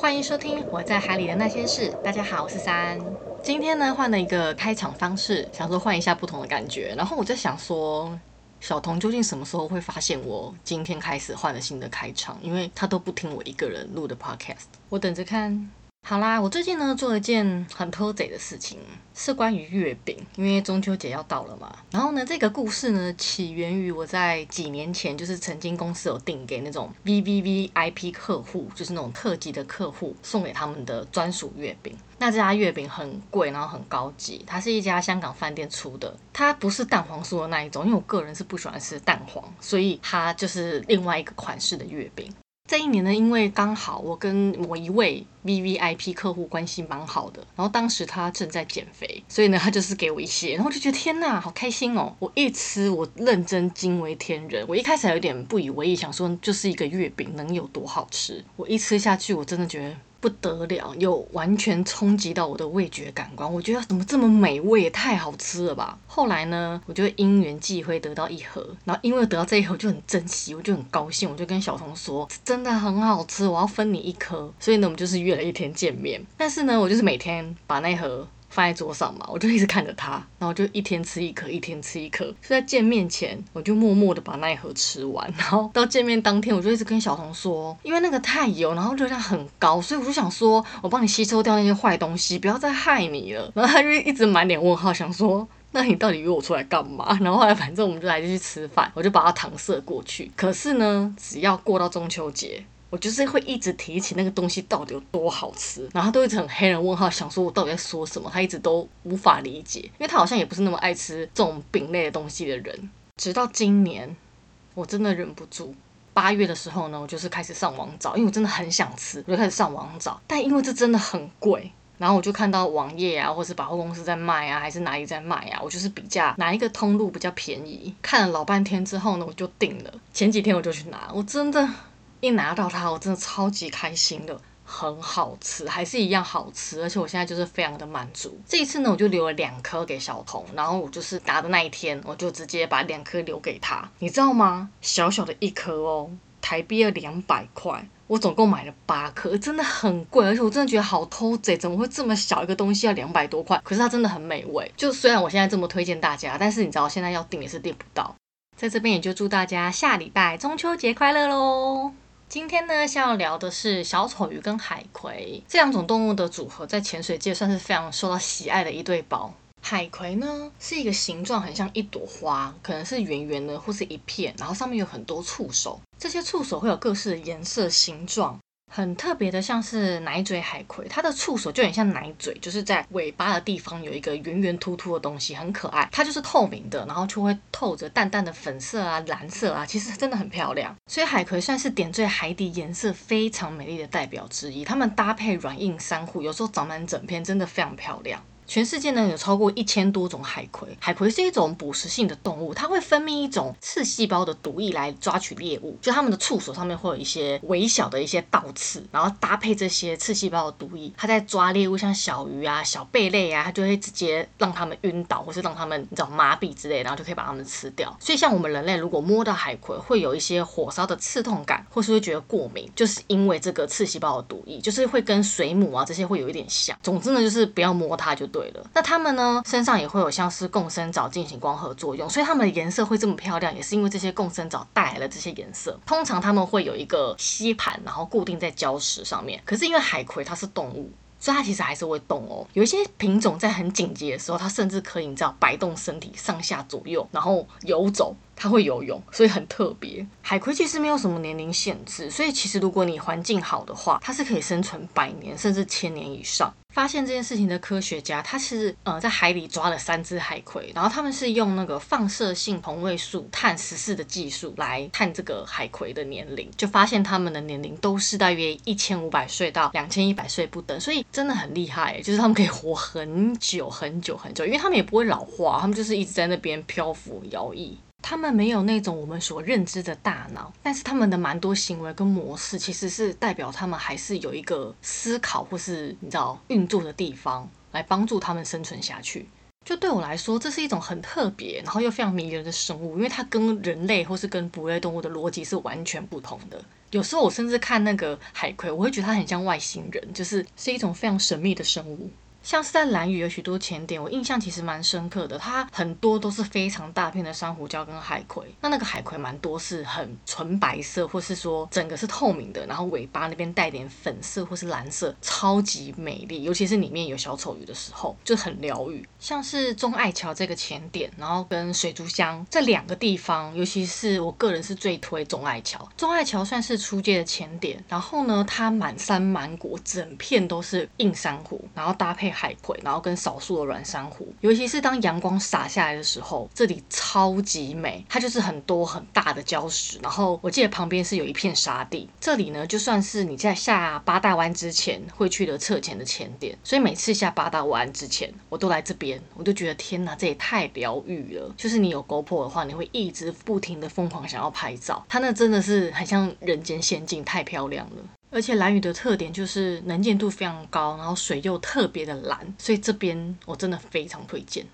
歡迎收聽我在海裡的那些事。大家好，我是珊。今天呢，換了一個開場方式，想說換一下不同的感覺。然後我在想說，小童究竟什麼時候會發現我今天開始換了新的開場？因為他都不聽我一個人錄的 podcast。我等着看。好啦，我最近呢做了一件很偷賊的事情，是關於月餅，因為中秋節要到了嘛。然後呢，這個故事呢起源於我在幾年前，就是曾經公司有訂給那種 VVVIP 客戶，就是那種特級的客戶，送給他們的專屬月餅。那這家月餅很貴，然後很高級，它是一家香港飯店出的，它不是蛋黃酥的那一種，因為我個人是不喜歡吃蛋黃，所以它就是另外一個款式的月餅。這一年呢，因為剛好我跟某一位 VVIP 客戶關係蠻好的，然後當時他正在減肥，所以呢，他就是給我一些，然後我就覺得天哪，好開心哦！我一吃，我認真驚為天人。我一開始還有點不以為意，想說就是一個月餅能有多好吃？我一吃下去，我真的覺得。不得了，又完全衝擊到我的味覺感官。我覺得怎麼這麼美味，也太好吃了吧？後來呢，我就因緣際會得到一盒，然後因為我得到這一盒，我就很珍惜，我就很高興，我就跟小童說，真的很好吃，我要分你一顆。所以呢，我們就是約了一天見面。但是呢，我就是每天把那盒。放在桌上嘛，我就一直看着它，然後就一天吃一顆，一天吃一顆。就在見面前，我就默默的把那一盒吃完，然後到見面當天，我就一直跟小童說，因為那個太油，然後熱量很高，所以我就想說我幫你吸收掉那些壞東西，不要再害你了。然後他就一直滿臉問號，想說那你到底約我出來幹嘛？然後後來反正我們就來就去吃飯，我就把它搪塞過去。可是呢，只要過到中秋節。我就是會一直提起那個東西到底有多好吃，然後他都一直很黑人問號，想說我到底在說什麼，他一直都無法理解，因為他好像也不是那麼愛吃這種餅類的東西的人。直到今年，我真的忍不住，八月的時候呢，我就是開始上網找，因為我真的很想吃，我就開始上網找。但因為這真的很貴，然後我就看到網頁啊，或者是百貨公司在賣啊，還是哪裡在賣啊，我就是比價哪一個通路比較便宜。看了老半天之後呢，我就定了。前幾天我就去拿，我真的。一拿到它，我真的超級開心的，很好吃，還是一樣好吃，而且我現在就是非常的滿足。這一次呢，我就留了兩顆給小童，然後我就是拿的那一天，我就直接把兩顆留給他，你知道嗎？小小的一顆哦，台幣要兩百塊，我總共買了八顆，真的很貴，而且我真的覺得好偷賊，怎麼會這麼小一個東西要兩百多塊？可是它真的很美味。就雖然我現在這麼推薦大家，但是你知道現在要訂也是訂不到，在這邊也就祝大家下禮拜中秋節快樂嘍。今天呢，想要聊的是小丑魚跟海葵這兩種動物的組合，在潛水界算是非常受到喜愛的一對寶。海葵呢，是一個形狀很像一朵花，可能是圓圓的或是一片，然後上面有很多觸手，這些觸手會有各式的顏色、形狀。很特別的，像是奶嘴海葵，它的觸手就很像奶嘴，就是在尾巴的地方有一個圓圓凸凸的東西，很可愛。它就是透明的，然後就會透着淡淡的粉色啊、藍色啊，其實真的很漂亮。所以海葵算是點綴海底顏色非常美麗的代表之一。它們搭配軟硬珊瑚，有時候長滿整片，真的非常漂亮。全世界呢，有超過一千多種海葵，海葵是一種捕食性的動物，它會分泌一種刺細胞的毒液來抓取獵物，就它們的觸手上面會有一些微小的一些倒刺，然後搭配這些刺細胞的毒液，它在抓獵物，像小魚啊、小貝類啊，它就會直接讓它們暈倒，或是讓它們你知道麻痹之類，然後就可以把它們吃掉。所以像我們人類如果摸到海葵，會有一些火燒的刺痛感，或是會覺得過敏，就是因為這個刺細胞的毒液，就是會跟水母啊這些會有一點像。總之呢，就是不要摸它就對。那它們呢，身上也會有像是共生藻進行光合作用，所以它們的顏色會這麼漂亮，也是因為這些共生藻帶來了這些顏色。通常它們會有一個吸盤，然後固定在礁石上面。可是因為海葵它是動物，所以它其實還是會動哦。有一些品種在很緊急的時候，它甚至可以你知道，擺動身體上下左右，然後游走。它會游泳，所以很特別。海葵其實沒有什麼年齡限制，所以其實如果你環境好的話，它是可以生存百年甚至千年以上。發現這件事情的科學家，他是呃在海裡抓了三隻海葵，然後他們是用那個放射性同位素碳十四的技術來探這個海葵的年齡，就發現他們的年齡都是大約一千五百歲到兩千一百歲不等，所以真的很厲害，就是他們可以活很久很久很久，因為他們也不會老化，他們就是一直在那邊漂浮搖曳。他們沒有那種我們所認知的大腦，但是他們的蠻多行為跟模式，其實是代表他們還是有一個思考或是你知道運作的地方，來幫助他們生存下去。就對我來說，這是一種很特別，然後又非常迷人的生物，因為它跟人類或是跟哺乳類動物的邏輯是完全不同的。有時候我甚至看那個海葵，我會覺得它很像外星人，就是是一種非常神秘的生物。像是在蘭嶼有許多潛點，我印象其實蠻深刻的。它很多都是非常大片的珊瑚礁跟海葵，那那個海葵蠻多是很純白色，或是說整個是透明的，然後尾巴那邊帶點粉色或是藍色，超級美麗。尤其是裡面有小丑魚的時候，就很療癒。像是鍾愛橋這個潛點，然後跟水族箱這兩個地方，尤其是我個人是最推鍾愛橋。鍾愛橋算是初階的潛點，然後呢，它滿山滿谷整片都是硬珊瑚，然後搭配。海葵，然後跟少數的軟珊瑚，尤其是當陽光灑下來的時候，這裡超級美。它就是很多很大的礁石，然後我記得旁邊是有一片沙地。這裡呢，就算是你在下八大灣之前會去的側前的潛點，所以每次下八大灣之前，我都來這邊，我就覺得天哪，這也太療癒了。就是你有 GoPro 的話，你會一直不停的瘋狂想要拍照。它那真的是很像人間仙境，太漂亮了。而且蘭嶼的特點就是能見度非常高，然後水又特別的藍，所以這邊我真的非常推薦。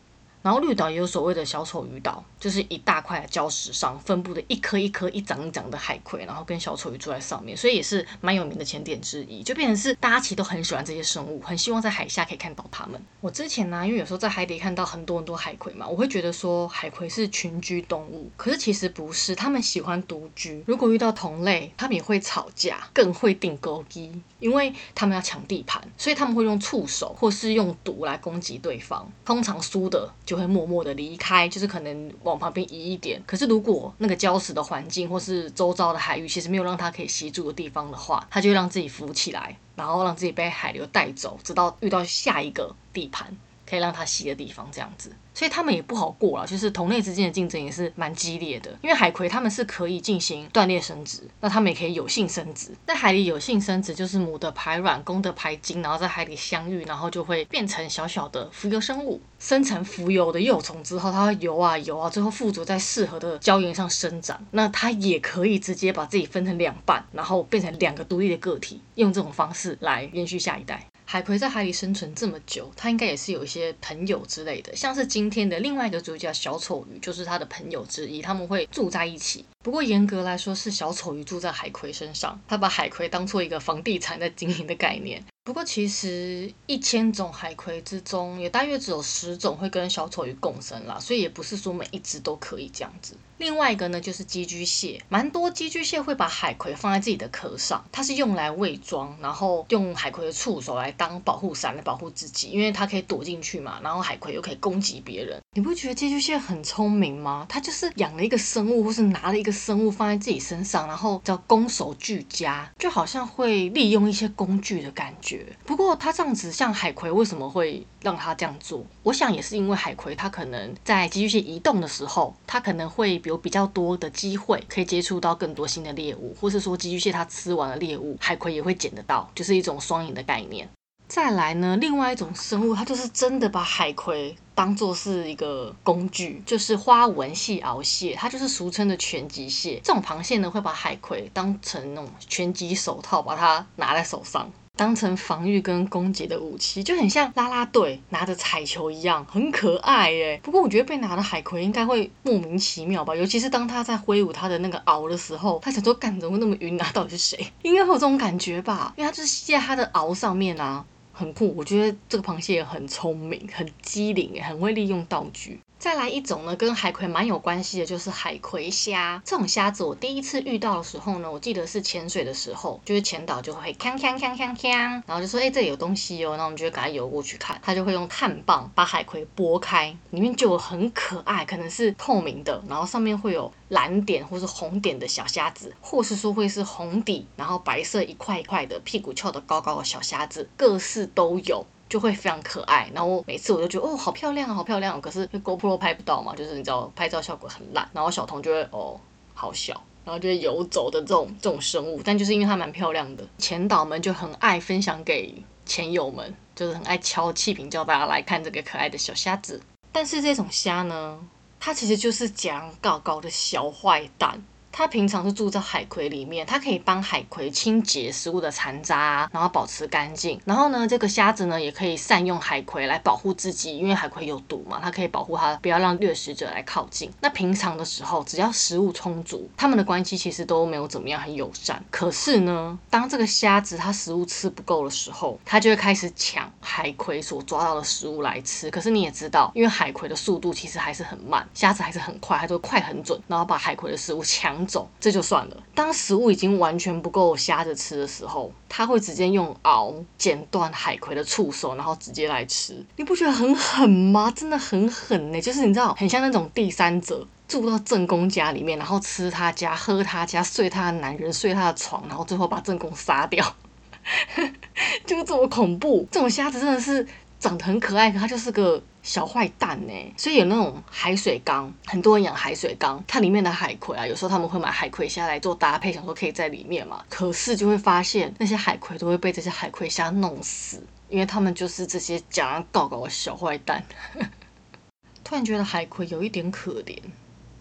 然後綠島也有所謂的小丑魚島，就是一大塊的礁石上分布的一顆一顆、一長一長的海葵，然後跟小丑魚住在上面，所以也是蠻有名的景點之一。就變成是大家其實都很喜歡這些生物，很希望在海下可以看到它們。我之前呢、啊，因為有時候在海底看到很多很多海葵嘛，我會覺得說海葵是群居動物，可是其實不是，它們喜歡獨居。如果遇到同類，它們也會吵架，更會頂勾機，因為他們要搶地盤，所以他們會用觸手或是用毒來攻擊對方，通常輸的就。會默默地離開，就是可能往旁邊移一點。可是如果那個礁石的環境或是周遭的海域，其實沒有讓它可以吸住的地方的話，它就會讓自己浮起來，然後讓自己被海流帶走，直到遇到下一個地盤可以讓它吸的地方，這樣子。所以他們也不好過了，就是同類之間的競爭也是蠻激烈的。因為海葵它們是可以進行斷裂生殖，那它們也可以有性生殖。在海裡有性生殖就是母的排卵，公的排精，然後在海裡相遇，然後就會變成小小的浮游生物，生成浮游的幼蟲之後，它會游啊游啊，最後附着在適合的礁岩上生長。那它也可以直接把自己分成兩半，然後變成兩個獨立的個體，用這種方式來延續下一代。海葵在海裡生存這麼久，它應該也是有一些朋友之類的，像是今天的另外一個主角小丑魚，就是它的朋友之一，他們會住在一起。不過嚴格來說是小丑魚住在海葵身上，它把海葵當作一個房地產在經營的概念。不過其實一千種海葵之中，也大約只有十種會跟小丑魚共生啦，所以也不是說每一隻都可以這樣子。另外一個呢，就是寄居蟹，蠻多寄居蟹會把海葵放在自己的殼上，它是用來偽裝，然後用海葵的觸手來當保護傘來保護自己，因為它可以躲進去嘛，然後海葵又可以攻擊別人。你不覺得寄居蟹很聰明嗎？它就是養了一個生物，或是拿了一個生物放在自己身上，然後叫攻守俱佳，就好像會利用一些工具的感覺。不過它這樣子，像海葵為什麼會讓它這樣做？我想也是因為海葵，它可能在寄居蟹移動的時候，它可能會。有比，比較多的機會可以接觸到更多新的獵物，或是說寄居蟹它吃完了獵物，海葵也會撿得到，就是一種雙贏的概念。再來呢，另外一種生物，它就是真的把海葵當做是一個工具，就是花紋細螯蟹，它就是俗稱的拳擊蟹。這種螃蟹呢，會把海葵當成那種拳擊手套，把它拿在手上。當成防禦跟攻擊的武器，就很像拉拉隊拿着彩球一樣，很可愛耶。不過我覺得被拿的海葵應該會莫名其妙吧，尤其是當他在揮舞他的那個螯的時候，他想說，幹，怎麼會那麼暈啊？到底是誰？應該會有這種感覺吧，因為他就是吸在他的螯上面啊，很酷。我覺得這個螃蟹也很聰明，很機靈，很會利用道具。再來一種呢，跟海葵蠻有關係的，就是海葵蝦。這種蝦子，我第一次遇到的時候呢，我記得是潛水的時候，就是潛到就會鏘鏘鏘鏘鏘，然後就說，哎、欸，這裡有東西哦，然後我們就會趕快游過去看。它就會用碳棒把海葵撥開，裡面就很可愛，可能是透明的，然後上面會有藍點或是紅點的小蝦子，或是說會是紅底，然後白色一塊一塊的，屁股翹得高高的小蝦子，各式都有。就會非常可愛，然後每次我都覺得哦，好漂亮好漂亮哦。可是 GoPro 拍不到嘛，就是你知道拍照效果很爛。然後小彤就會哦，好小，然後就會游走的這種這種生物。但就是因為它蠻漂亮的，潛導們就很愛分享給潛友們，就是很愛敲氣瓶叫大家來看這個可愛的小蝦子。但是這種蝦呢，它其實就是講高高的小壞蛋。它平常是住在海葵裡面，它可以幫海葵清潔食物的殘渣啊，然後保持乾淨。然後呢，這個蝦子呢也可以善用海葵來保護自己，因為海葵有毒嘛，它可以保護它，不要讓掠食者來靠近。那平常的時候，只要食物充足，它們的關係其實都沒有怎麼樣，很友善。可是呢，當這個蝦子它食物吃不夠的時候，它就會開始搶海葵所抓到的食物來吃。可是你也知道，因為海葵的速度其實還是很慢，蝦子還是很快，它就會快很準，然後把海葵的食物搶。走，這就算了。當食物已經完全不夠蝦子吃的時候，它會直接用螯剪斷海葵的觸手，然後直接來吃。你不覺得很狠嗎？真的很狠呢、欸，就是你知道，很像那種第三者住到正宮家裡面，然後吃他家、喝他家、睡他的男人、睡他的床，然後最後把正宮殺掉， 就是這麼恐怖。這種蝦子真的是長得很可愛，可它就是個小壞蛋呢、欸，所以有那種海水缸，很多人養海水缸，它裡面的海葵啊，有時候他們會買海葵蝦來做搭配，想說可以在裡面嘛，可是就會發現那些海葵都會被這些海葵蝦弄死，因為他們就是這些講講搞搞的小壞蛋。 突然覺得海葵有一點可憐。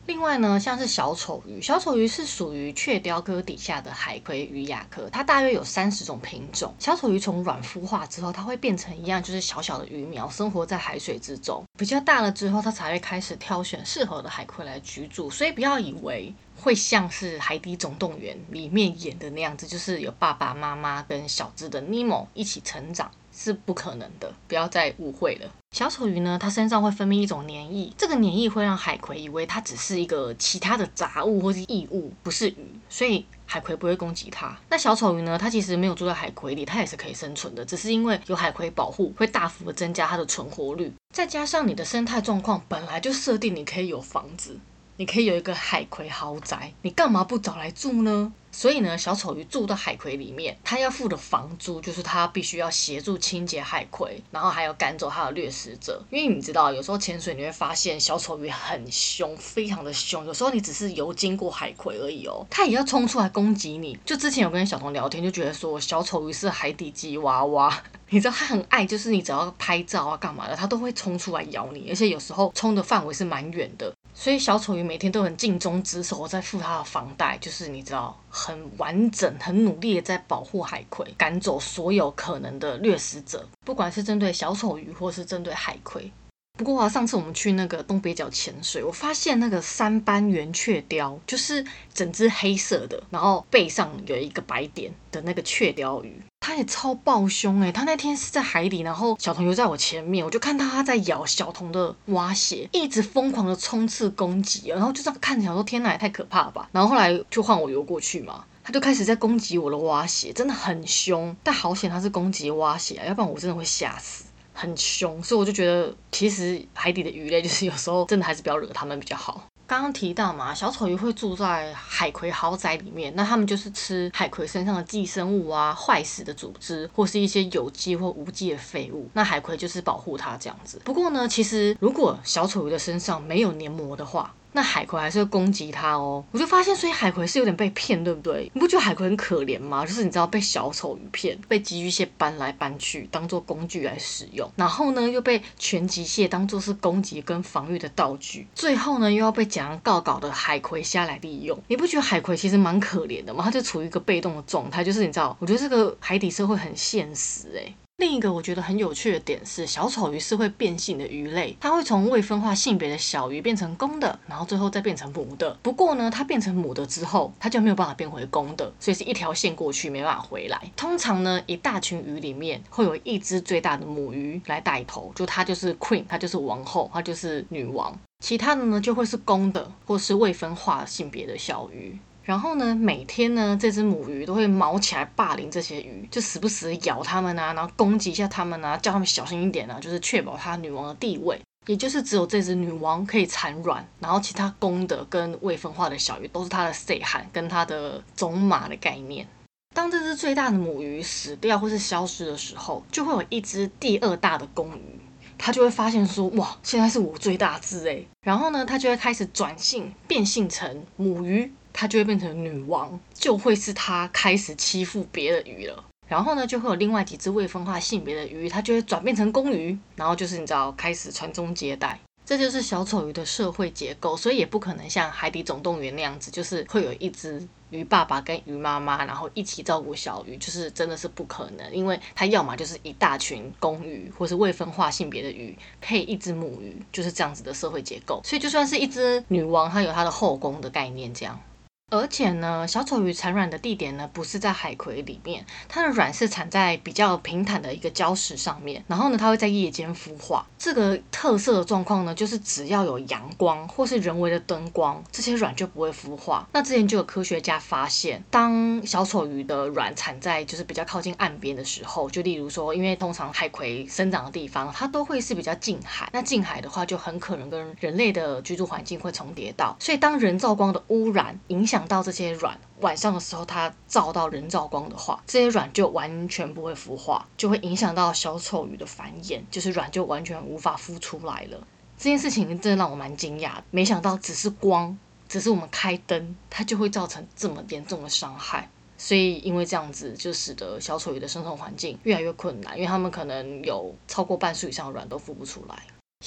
另外呢，像是小丑魚，小丑魚是屬於雀鲷科底下的海葵魚亞科，它大約有三十種品種。小丑魚從卵孵化之後，它會變成一樣，就是小小的魚苗，生活在海水之中。比較大了之後，它才會開始挑選適合的海葵來居住。所以不要以為會像是《海底總動員》裡面演的那樣子，就是有爸爸媽媽跟小只的尼莫一起成長。是不可能的，不要再誤會了。小丑魚呢，它身上會分泌一種黏液，這個黏液會讓海葵以為它只是一個其他的雜物或是異物，不是魚，所以海葵不會攻擊它。那小丑魚呢，它其實沒有住在海葵裡，它也是可以生存的，只是因為有海葵保護，會大幅的增加它的存活率。再加上你的生態狀況，本來就設定你可以有房子。你可以有一個海葵豪宅，你幹嘛不找來住呢？所以呢，小丑魚住到海葵裡面，它要付的房租就是它必須要協助清潔海葵，然後還要趕走它的掠食者。因為你知道，有時候潛水你會發現小丑魚很凶，非常的凶。有時候你只是游經過海葵而已哦，它也要衝出來攻擊你。就之前有跟小童聊天，就覺得說小丑魚是海底吉娃娃， 你知道它很愛，就是你只要拍照啊幹嘛的，它都會衝出來咬你，而且有時候衝的範圍是蠻遠的。所以小丑魚每天都很盡忠職守，在付他的房貸，就是你知道，很完整、很努力的在保護海葵，趕走所有可能的掠食者，不管是針對小丑魚，或是針對海葵。不過啊，上次我們去那個東北角潛水，我發現那個三斑圓雀鯛，就是整隻黑色的，然後背上有一個白點的那個雀鯛魚，它也超暴凶誒、欸。它那天是在海底，然後小童游在我前面，我就看到它在咬小童的蛙鞋，一直瘋狂的衝刺攻擊，然後就這樣看起來說天吶，也太可怕了吧！然後後來就換我游過去嘛，它就開始在攻擊我的蛙鞋，真的很凶，但好險它是攻擊蛙鞋，要不然我真的會嚇死。很兇，所以我就覺得，其實海底的魚類就是有時候真的還是不要惹他們比較好。剛剛提到嘛，小丑魚會住在海葵豪宅裡面，那它們就是吃海葵身上的寄生物啊、壞死的組織或是一些有機或無機的廢物，那海葵就是保護它這樣子。不過呢，其實如果小丑魚的身上沒有黏膜的話，那海葵還是要攻擊它哦，我就發現，所以海葵是有點被騙，對不對？你不覺得海葵很可憐嗎？就是你知道被小丑魚騙，被寄居蟹搬來搬去，當做工具來使用，然後呢，又被拳擊蟹當做是攻擊跟防禦的道具，最後呢，又要被講樣告搞的海葵蝦來利用。你不覺得海葵其實蠻可憐的嗎？它就處於一個被動的狀態，就是你知道，我覺得這個海底社會很現實哎、欸。另一個我覺得很有趣的點是，小丑魚是會變性的魚類，它會從未分化性別的小魚變成公的，然後最後再變成母的。不過呢，它變成母的之後，它就沒有辦法變回公的，所以是一條線過去，沒辦法回來。通常呢，一大群魚裡面會有一隻最大的母魚來帶頭，就它就是 Queen，它就是王後，它就是女王，其他的呢就會是公的或是未分化性別的小魚。然後呢，每天呢，這只母魚都會毛起來霸凌這些魚，就時不時咬他們啊，然後攻擊一下他們啊，叫他們小心一點啊，就是確保它女王的地位，也就是只有這只女王可以產卵，然後其他公的跟未分化的小魚都是它的賽漢跟它的種馬的概念。當這只最大的母魚死掉或是消失的時候，就會有一只第二大的公魚，它就會發現說，哇，現在是我最大隻耶。然後呢，它就會開始轉性變性成母魚。它就會變成女王，就會是它開始欺負別的魚了。然後呢，就會有另外幾隻未分化性別的魚，它就會轉變成公魚，然後就是你知道開始傳宗接代。這就是小丑魚的社會結構，所以也不可能像《海底總動員》那樣子，就是會有一隻魚爸爸跟魚媽媽，然後一起照顧小魚，就是真的是不可能，因為它要麼就是一大群公魚，或是未分化性別的魚配一隻母魚，就是這樣子的社會結構。所以就算是一隻女王，它有它的後宮的概念，這樣。而且呢，小丑魚產卵的地點呢，不是在海葵裡面，它的卵是產在比較平坦的一個礁石上面。然後呢，它會在夜間孵化。這個特色的狀況呢，就是只要有陽光或是人為的燈光，這些卵就不會孵化。那之前就有科學家發現，當小丑魚的卵產在就是比較靠近岸邊的時候，就例如說，因為通常海葵生長的地方，它都會是比較近海。那近海的話，就很可能跟人類的居住環境會重疊到。所以當人造光的污染影響。沒想到這些卵，晚上的時候它照到人造光的話，這些卵就完全不會孵化，就會影響到小丑魚的繁衍，就是卵就完全無法孵出來了。這件事情真的讓我蠻驚訝的，沒想到只是光，只是我們開燈，它就會造成這麼嚴重的傷害。所以因為這樣子，就使得小丑魚的生存環境越來越困難，因為他們可能有超過半數以上的卵都孵不出來。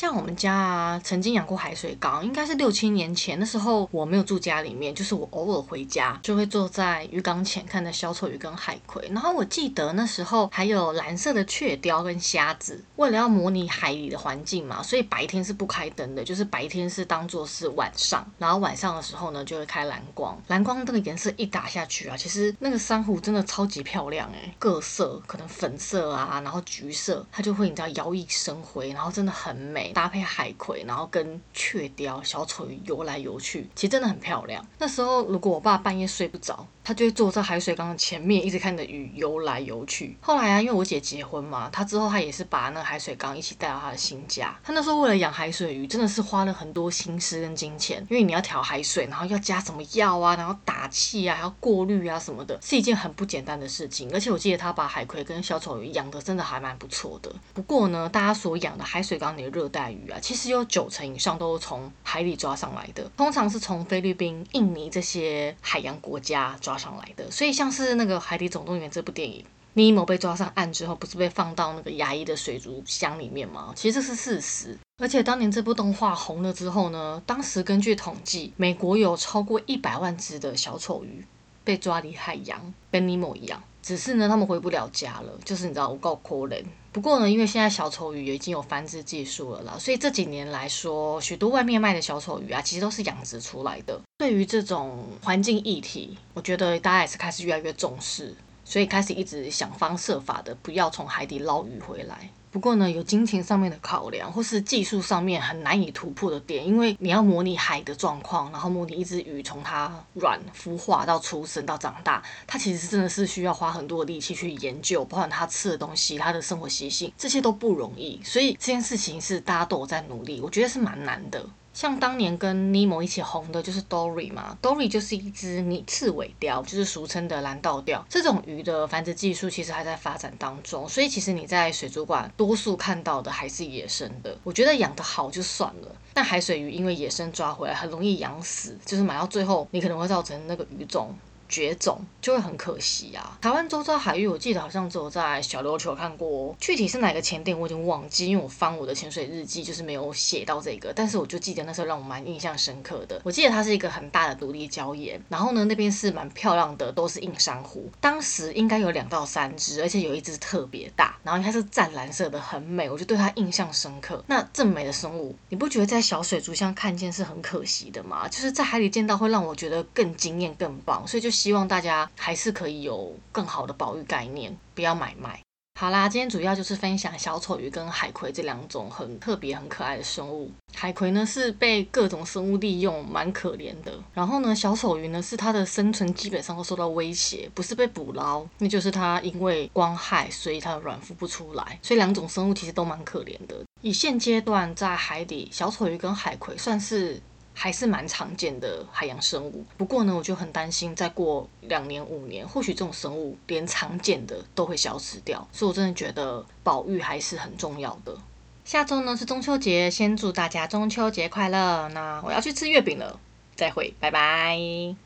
像我們家啊，曾經養過海水缸，應該是六七年前。那時候我沒有住家裡面，就是我偶爾回家就會坐在魚缸前看那小丑魚跟海葵。然後我記得那時候還有藍色的雀鯛跟蝦子。為了要模擬海裡的環境嘛，所以白天是不開燈的，就是白天是當作是晚上。然後晚上的時候呢，就會開藍光。藍光燈的顏色一打下去啊，其實那個珊瑚真的超級漂亮哎、欸，各色可能粉色啊，然後橘色，它就會你知道搖曳生輝，然後真的很美。搭配海葵，然後跟雀鯛小丑魚游來游去，其實真的很漂亮。那時候，如果我爸半夜睡不着。他就會坐在海水缸的前面，一直看着魚游來游去。後來啊，因為我姐結婚嘛，她之後她也是把那海水缸一起帶到她的新家。她那時候為了養海水魚，真的是花了很多心思跟金錢。因為你要調海水，然後要加什麼藥啊，然後打氣啊，還要過濾啊什麼的，是一件很不簡單的事情。而且我記得她把海葵跟小丑魚養得真的還蠻不錯的。不過呢，大家所養的海水缸裡的熱帶魚啊，其實有九成以上都是從海裡抓上來的，通常是從菲律賓、印尼這些海洋國家抓上來的，所以像是那個《海底總動員》這部電影，尼莫被抓上岸之後，不是被放到那個牙醫的水族箱裡面嗎？其實這是事實。而且當年這部動畫紅了之後呢，當時根據統計，美國有超過一百萬隻的小丑魚被抓離海洋，跟尼莫一樣。只是呢，他們回不了家了，就是你知道，我好可憐。不過呢，因為現在小丑魚也已經有繁殖技術了啦，所以這幾年來說，許多外面賣的小丑魚啊，其實都是養殖出來的。對於這種環境議題，我覺得大家也是開始越來越重視，所以開始一直想方設法的不要從海底撈魚回來。不過呢，有金錢上面的考量，或是技術上面很難以突破的點，因為你要模擬海的狀況，然後模擬一隻魚從它卵孵化到出生到長大，它其實真的是需要花很多的力氣去研究，包含它吃的東西、它的生活習性，這些都不容易，所以這件事情是大家都有在努力，我覺得是蠻難的。像當年跟尼莫一起紅的就是 Dory 嘛，Dory 就是一隻擬刺尾鯛，就是俗稱的藍倒吊。這種魚的繁殖技術其實還在發展當中，所以其實你在水族館多數看到的還是野生的。我覺得養得好就算了，但海水魚因為野生抓回來很容易養死，就是買到最後你可能會造成那個魚種絕種就會很可惜啊！台灣周遭海域，我記得好像只有在小琉球看過哦，具體是哪個潛點我已經忘記，因為我翻我的潛水日記就是沒有寫到這個。但是我就記得那時候讓我蠻印象深刻的，我記得它是一個很大的獨立礁岩，然後呢那邊是蠻漂亮的，都是硬珊瑚，當時應該有兩到三隻，而且有一隻特別大，然後它是湛藍色的，很美，我就對它印象深刻。那這麼美的生物，你不覺得在小水族箱看見是很可惜的嗎？就是在海裡見到會讓我覺得更驚艷、更棒，所以就。希望大家還是可以有更好的保育概念，不要買賣。好啦，今天主要就是分享小丑魚跟海葵這兩種很特別、很可愛的生物。海葵呢是被各種生物利用，蠻可憐的。然後呢，小丑魚呢是它的生存基本上都受到威脅，不是被捕撈，那就是它因為光害，所以它的卵孵不出來。所以兩種生物其實都蠻可憐的。以現階段在海底，小丑魚跟海葵算是。還是蠻常見的海洋生物，不過呢，我就很擔心，再過兩年五年，或許這種生物連常見的都會消失掉，所以我真的覺得保育還是很重要的。下周呢是中秋節，先祝大家中秋節快樂，那我要去吃月餅了，再會，拜拜。